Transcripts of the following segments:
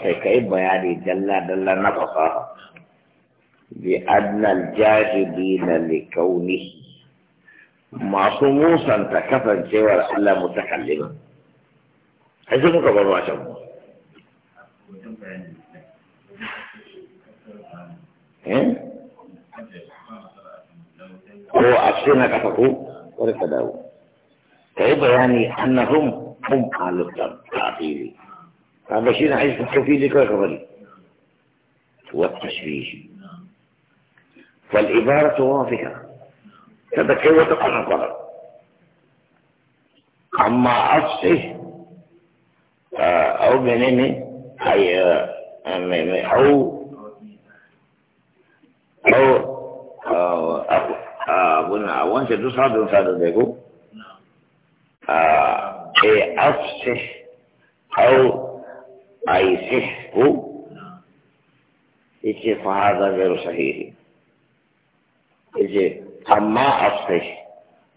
kai kai bayani dalla dalla na fasaha bi adnal jahilina li kaunihi masu musanta kasancewar Allah mutakallima aje muka bar wasan mu eh ko a cikin kafa ko wani ka dawo kai bayani annahum hum alul kafiri هذا بشير حيث التوفيق لك الخبري والتشبيه فالعبارة واضحة تبكي وتقرر قرار أما أصله آه، أو بنيني أي آه، أو أو آه، أبونا شدو صعب وانت ديكو أو, أو أي صحه يجي فهذا غير صحيح يجي أما الصح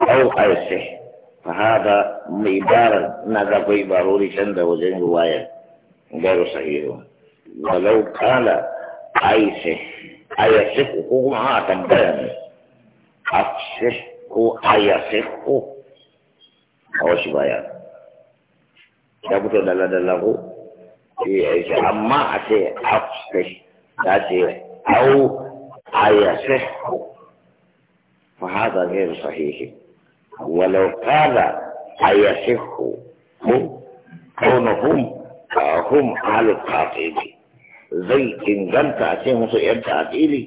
أو الصح فهذا نذا في ضروري شند وزن رواية غير صحيح ولو قال أي صح أي صح هو ما تنبين أصح هو أي صح هو شبايا يا بطل دلالة له amma a ce afsish ta ce au ayasihu fa hada ghairu sahihi walau qala ayasihu ko kaunahum hum ahlul qatili zai inganta a ce musu yan ta'atili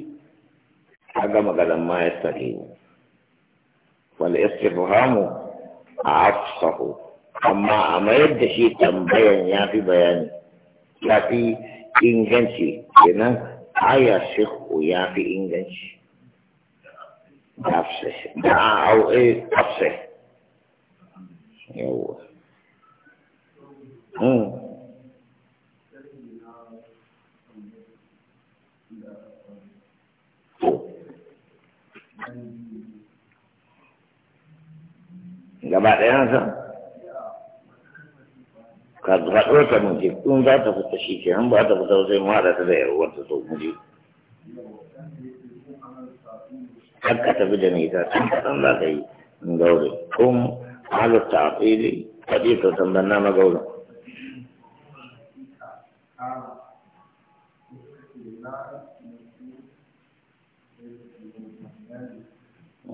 kaga maganan ma ya sahi wal istifhamu afsahu amma a mayar da shi tambayan ya fi bayani ya fi inganci kenan aya shiku ya fi inganci da a eh, hmm. gaba ka zaɓar ka mun in za ta fita shi ke ba ta fita sai mu haɗa ta da yarwar ta so mu je ka tafi da mai ta tun kaɗan za ka yi in gaure kun halitta a fili faɗi ta tambar na magaurin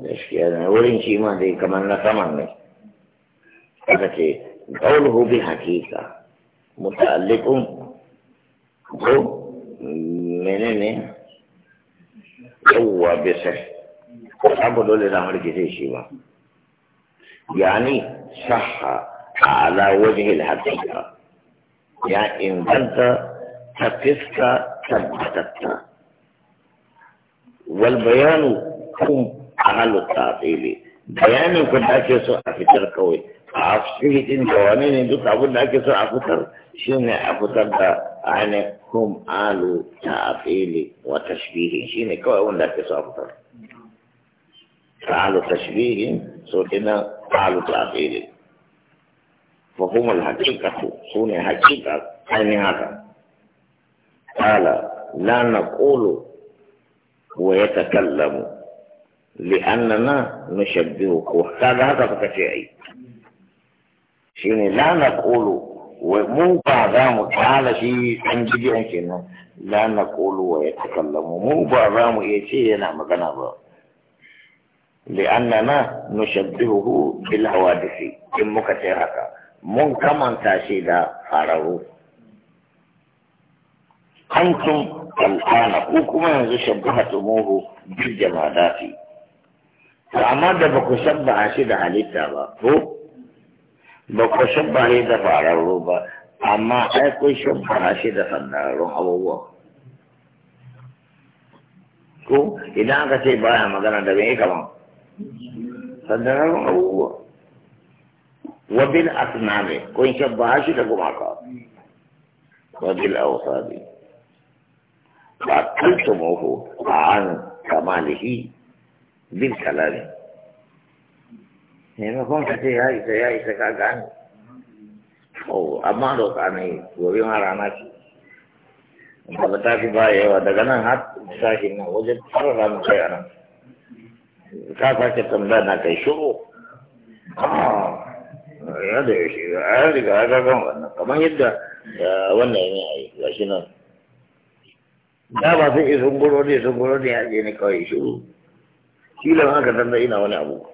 gaskiya ne wurin shi ma dai kamar na saman ne aka ce قوله بحقيقة متعلق منين هو بصح أبو دولي نعمل كتيشي ما يعني صح على وجه الحقيقة يعني إن كنت تقفك ثبتت والبيان كم على التعطيل بيان كنت أكسو أفتر قوي a ɗin da wani ne duk abin da ake so a fitar shi ne a fitar da ainihin kum alu ta afili wa tashbihi shi ne kawai wanda ake so a fitar alu tashbihi so ina alu ta afili fa kuma hakikatu su ne hakika ainihin haka kala la na kolo wa ya takallamu li'annana nushabbihu ko kaga haka kuka ce ai shine la naqulu mu ba za mu kala shi ɗan jibiyan kenan la na ƙolo wa ya takallamu mu ba za mu iya ce yana magana ba li'annana nushabbihuhu bil hawadisi in muka ce haka mun kamanta shi da fararu antum al'ana ko kuma yanzu shabbahatumuhu bil jamadati amma da ba ku shabbaha shi da halitta ba ko بخش باندې د فارو با اما هیڅ شو فارشه د فنارو او وو کو ا دغه چې با ما ګره د وی کوم صدره او وو وبل اسنامه کوئی چې با شي د ګوا کا وبل او صادي فاتل تو مو هو ان کمالهي ذل کلامي maimakon ka ce ya isa ya isa ka gane o amma roƙa ne gobe ma rana ce ba ta fi ba yawa daga nan har sashi nan wajen tara ranar kai a nan ka sake tambaya na kai shigo ah, ya da yaushe a yi riga ya gagan wannan kamar yadda wannan ne a yi shi nan da ba sun isun guro ne sun guro ne a je ne kawai shiru. shi lan ka tambayi ina wani abu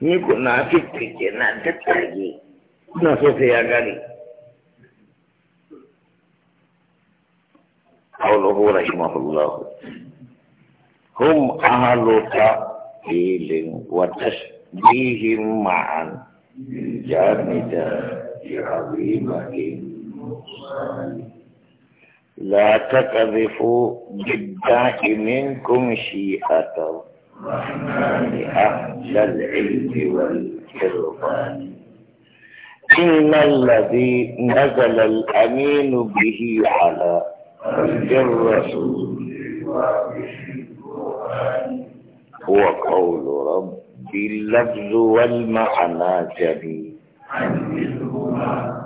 ni kuna fiffike na tattage kuna so sai قوله رحمه الله هم أهل معا جامدا لا تقذفوا بالداء منكم شيئة أهل العلم والحرفان إن الذي نزل الأمين به على الرسول هو قول رب اللفظ والمعنى جميل جميعا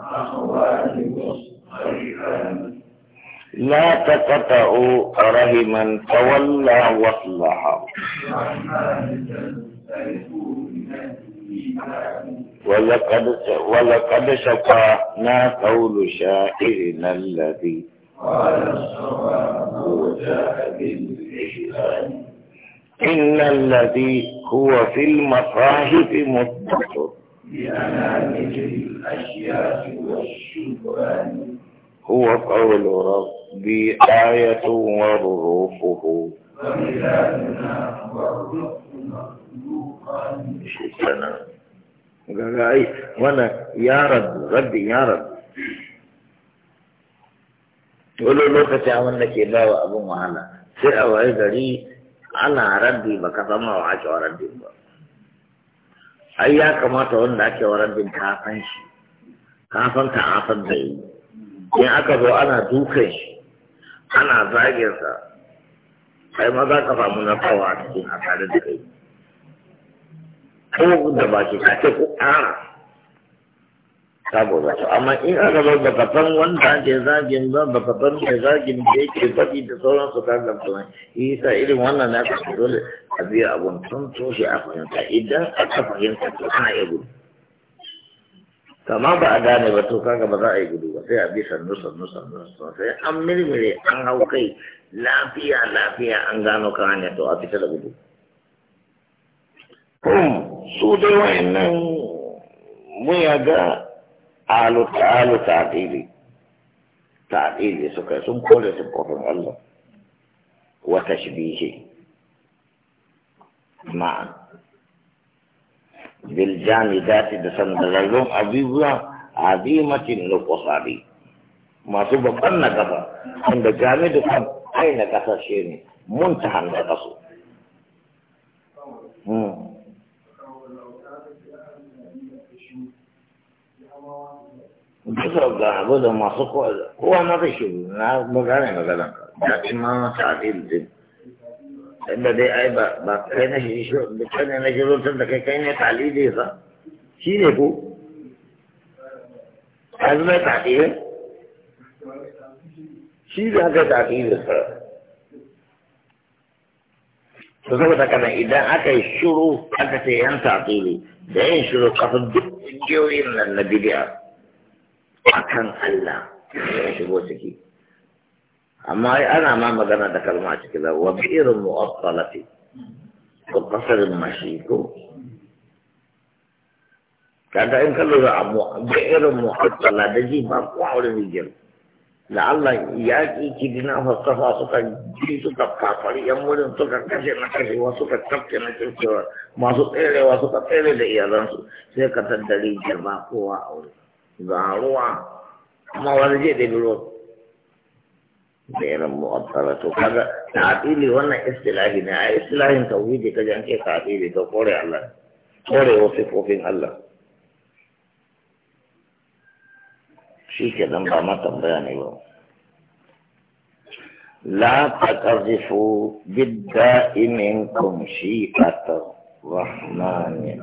لا تقطع رحما تولى وصلها ولقد ولقد شفعنا قول شاعرنا الذي قال إن الذي هو في المصاحف متصل الأشياء هو قول رب بي آية والروحه وانا يا رب رب يا رب ولو لو كتا عملنا كلا وابو معنا سئة لي انا ربي بكتما وعاك وربي ايا كما تقول لك وربي كافنش كافن كافن بي يا اكبر انا دوكش ana zaginsa kai ma za ka samu kawo a cikin a tare da kai ko da baki ka ce ko ƙara saboda to amma in aka zo ba ka san wanda ke zagin ba ba ka san mai zagin da yake faɗi da sauran su kan gamsu ne isa irin wannan na kasu dole a biya abun tun toshe a fahimta idan aka fahimta to ana iya gudu kama ba a gane ba to kaga ba za a yi gudu ba sai a bi sannu sannu sannu sai an mirmire an hau kai lafiya lafiya an gano kan hanya to a fita da gudu su dai wayannan mun ya ga alu ta'alu ta'dili ta'dili suka sun kore su kofin Allah shi tashbihi ma'an بالجامدات دسندلون عظيمة عظيمة للقصار ما سبقنا قفا عند جامد كان أين قصة شيء منتهى نقصه Bisa ga abu da masu kowa na rashin na magana magana, ya ma da dai ai ba kai na shi da kai ne na shirotar da kai kai ne talibin sa shi ne ko a zama talibin shi da haka talibin sa to saboda kana idan aka yi shiru aka ce yan tatili da yin shiru kafin duk ƙungiyoyin nan na bidiya akan Allah ya shigo ciki أما أنا ما مدنا تكلمات كذا وبئر مؤطلة كقصر المشيكو كانت إن كان له بئر مؤطلة دجي مرقوع ولنجل لعل ياكي كدنا فالقفا سوكا جيسو تبقى فريا مولن سوكا كسي نكسي وسوكا كبتي نكسي ما سوكا تيري وسوكا تيري لئي أدن سيكا تدري جيسو مرقوع ولنجل ما ورجي دي بلوت غير وكذا كذا تعطيلي وانا استلاحي نا استلاهي توحيدي كذا انك تعطيلي تقولي الله قولي وصفه في الله كده كذا ما تبياني له لا تقذفوا بالداء منكم شيئة الرحمن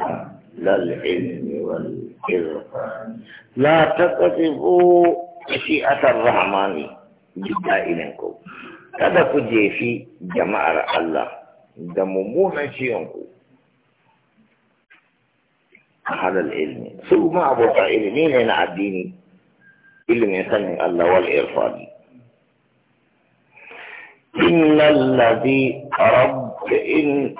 لا العلم والإرفان لا تقذفوا شيئة الرحمن bidda'ilinku kada ku jefi jama'ar Allah da mummunan ciwonku a halal ilmi su ma abota ilimi ne na addini ilimin sanin Allah wal irfani إن الذي رب إن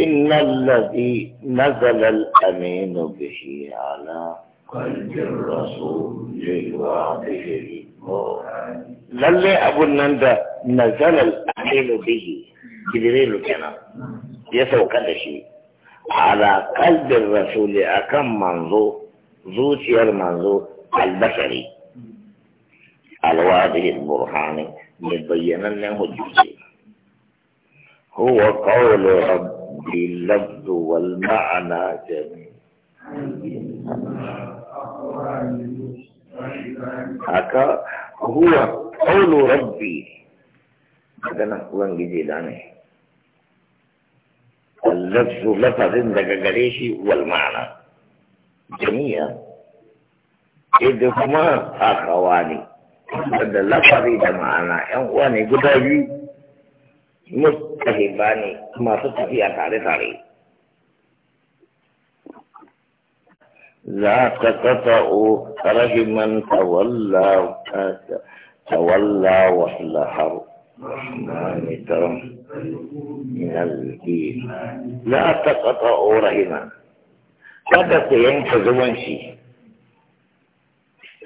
إن الذي نزل الأمين به على قلب الرسول لوعده للي أقول نندا نزل الأحيل به كبيرين كنا يسوى كذا شيء على قلب الرسول أكم منظو ذو سير منظو البشري الواضح البرهاني لبينا له جزي هو قول رب اللفظ والمعنى جميل haka huwa qawlu rabbi magana ubangiji da ne lafzu lafazin daga gare shi wal ma'ana jami'a idan kuma akawa ne da lafazi da ma'ana yan uwa ne guda biyu mustahibani masu tafiya tare tare ذات قطأ رجما تولى وكاتا تولى وحل حر رحمان من الدين لا تقطع رحما قد ينفذ من شيء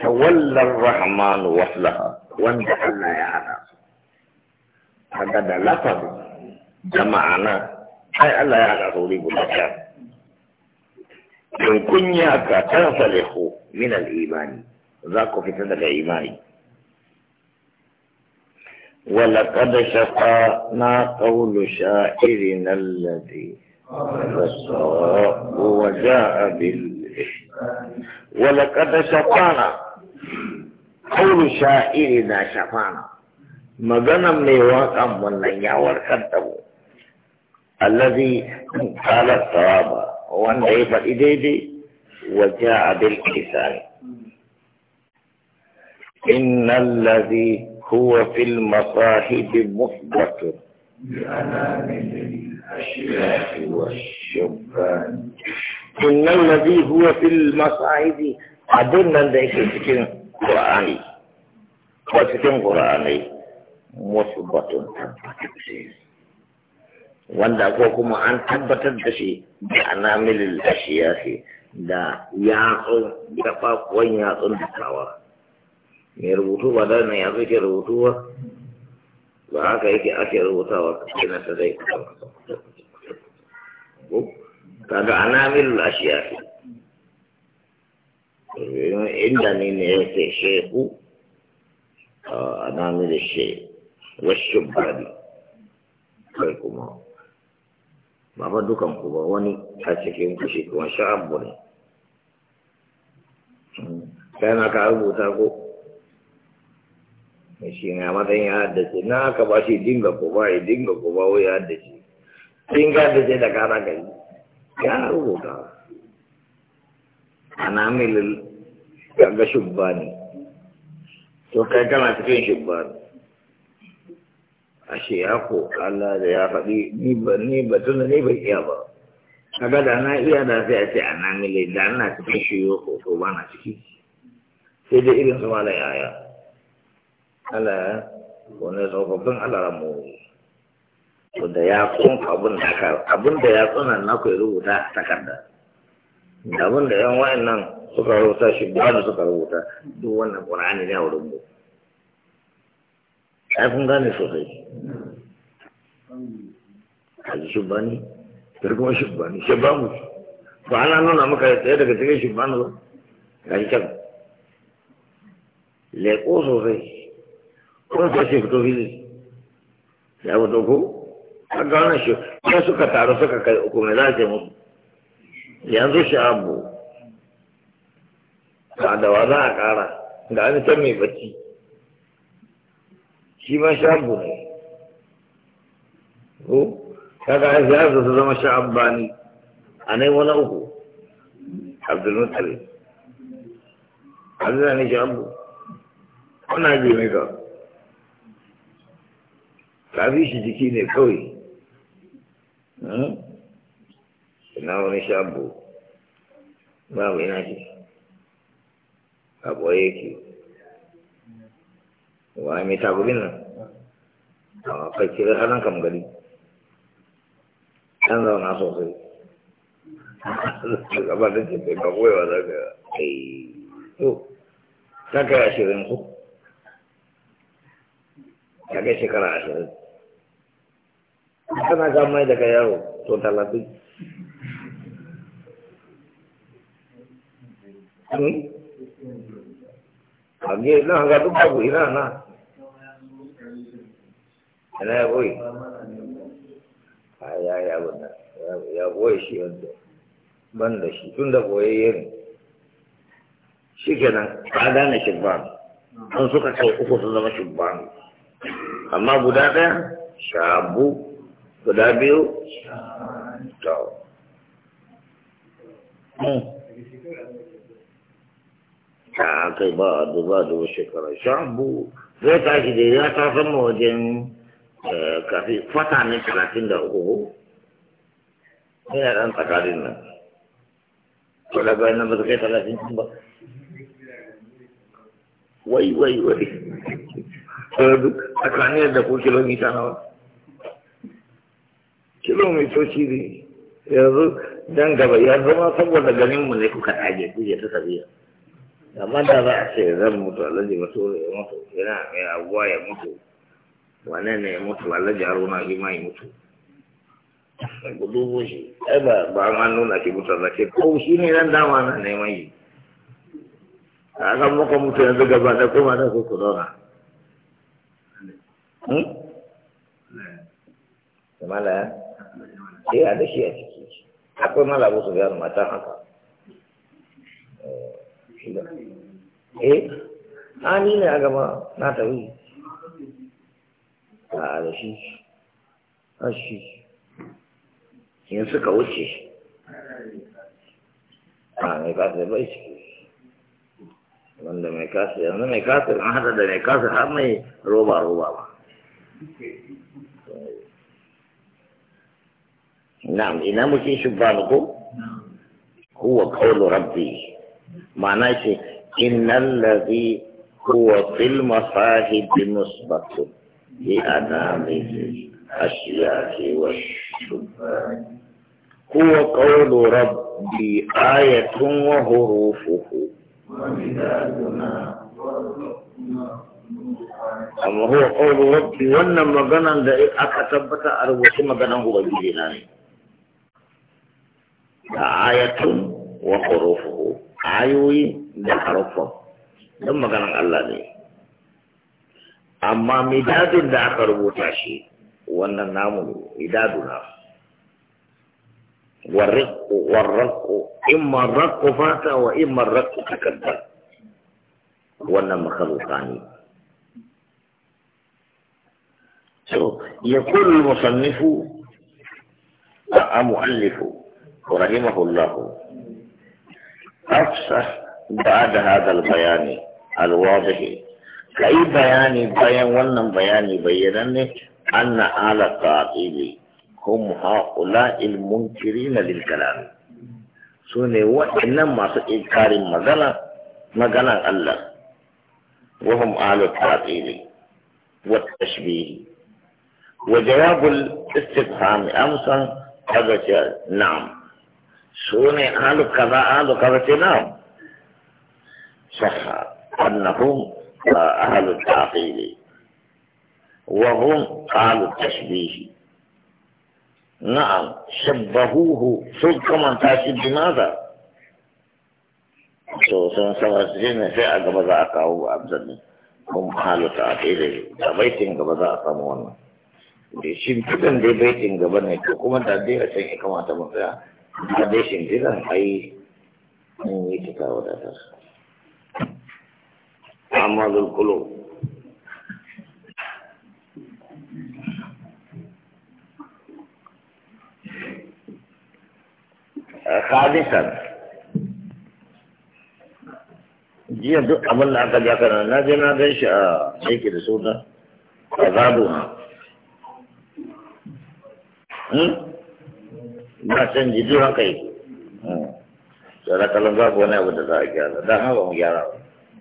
تولى الرحمن وحلها وانتحل يا أنا هذا لفظ جمعنا أي الله يعلى صوري بلا شر إن kunya ka tansalihu min al-imani za ku fita ولقد شفانا قول شاعرنا الذي فالصواب وجاء بالإحسان ولقد شفانا قول شاعرنا شفانا مغنى من واقع من يعور كتبه الذي قال الصواب وان ya faɗi وجاء waje إن الذي هو في المصاحب مثبت إن الذي هو في المصاحب أدنى ذلك سكن قرآني وسكن قرآني مثبت تبتسير wanda ko kuma an tabbatar da shi da anamilil ashiyasi da yatsun da fakuwan yatsun da tawa mai rubutu ba da ya zo ke rubutu ba ba haka yake ake rubutawa kina ta zai kaga anamilil ashiyasi inda ne ne ya ce shehu anamilil shehu wasu bari kai kuma ba ba dukan ku ba wani a cikin ku shi kuma sha'abu ne kai na ka rubuta ko shi na matsayin ya haddace na ka ba shi dinga ko ba ya dinga ko ba wai ya haddace in ka haddace da kara gari ya rubuta ana milil ga shubba ne to kai kana cikin shubba ne ashe ya ko Allah da ya faɗi ni ba ni ba tunda ni ba iya ba kaga da na iya da sai a ce a na mile da na cikin yo ko to ba na ciki sai dai irin su mala yaya Allah wani tsofaffin alaramu da ya kun abun da ka abin da ya tsana na ku rubuta takarda da abin da yan wayannan suka rubuta shi ba da suka rubuta duk wannan qur'ani ne a wurin mu ai kun gane sosai kaji shubani da kuma shubani shubbanu ba ana nuna maka tsaye daga cikin shubani ba ga shi can leƙo sosai ko ba shi fito fili ya fito ko a ga gane shi ya suka taru suka kai uku mai za a ce musu yanzu sha'abu ba da wa za a kara ga an ta mai bacci shi ma shabu ne ko kaga ai ya zo zama sha'abbani anai wani uku abdul mutalib abdul ne shabu ana ji mai ka bi shi jiki ne kawai hm? ina wani shabu babu ina ce abuwa yake Wah, ini taburin lah. Oh, kecil anak kamu gadi. Dan tahu nasib sih. Apa tu cipta kau yang ada ke? Eh, tu. Kakak Ta yang tu. Kakak sekarang asyik. Karena kamu ada kayak aku, total lagi. Hmm? Agak lah, agak tu bagus lah, na. Yana ya goyi. A ya yi Ya goyi shi wanda. Ban da shi tun da goyayye ne. Shi kenan ka gane shibban. An suka kai uku sun zama shi shibban. Amma guda ɗaya shabu guda biyu to. Hmm. Ta kai ba a duba duba shekara shabu zai tashi da ya ta san wajen Eh, kasi fata ne talatin da uku yana ɗan tsakarin nan wadda bayan nan ba su kai talatin ba wai wai wai tsakanin da ku kilomita nawa kilomitoci ne yanzu dan gaba ya zama saboda mu ne kuka ku kuje ta tafiya amma da za a ce zan mutu alaji mutu ya mutu yana mai abuwa ya mutu wane ne ya mutu lalaji haruna shi ma ya mutu gudu shi ai ba ba ma nuna shi mutu da ke ko shi ne nan dama na neman yi a kan muka mutu yanzu gaba da kuma da su ku zauna kamala hmm? ya sai a da shi a ciki akwai malabu su gano matan haka eh ani eh, ne a gaba na tawi a da shi a suka wuce a mai bai ciki wanda mai kasir yanzu mai kasir an hada da mai kasir har mai roba-roba ba na'am ina muke shubbanu ko huwa qawlu rabbi ma'ana ce innal ladhi huwa fil masahib musbatun لأنامه الشياخ والشبان هو قول ربي آية وحروفه amma huwa qawlu rabbi wannan maganan da aka tabbata a rubuce maganan ubangiji na ne da ayatun wa hurufuhu ayoyi da harfa dan maganan Allah ne amma midadin da aka rubuta shi wannan namu idaduna warriku warraku imma rakku fata wa imma rakku takadda wannan makaruka ne so يقول المصنف مؤلف رحمه الله أفسح بعد هذا البيان الواضح ka yi bayani bayan wannan bayani bayyanan ne anna ala ta'ili hum haula il munkirina lil kalam su ne waɗannan masu inkarin magana maganan Allah wa hum ala ta'ili wa tashbih wa jawab al istifham amsan kaga na'am su ne alu kaza alu kaza ce na'am sahha annahum أهل التعقيل وهم قالوا التشبيه نعم شبهوه سلطة من تاسي بماذا سو سن سوا سجين سي أقبضا هم قالوا تعقيل تبيتين قبضا أقامون di sin tudan de beting ga bane ko kuma da de sai ka mata mun ga أعمال القلوب خادثا jiya duk abin da aka jaka na na je na shi a ah, aiki da suna a zabu ha ba san ji duk haka yi tsara kalan babu wani abu da za a gyara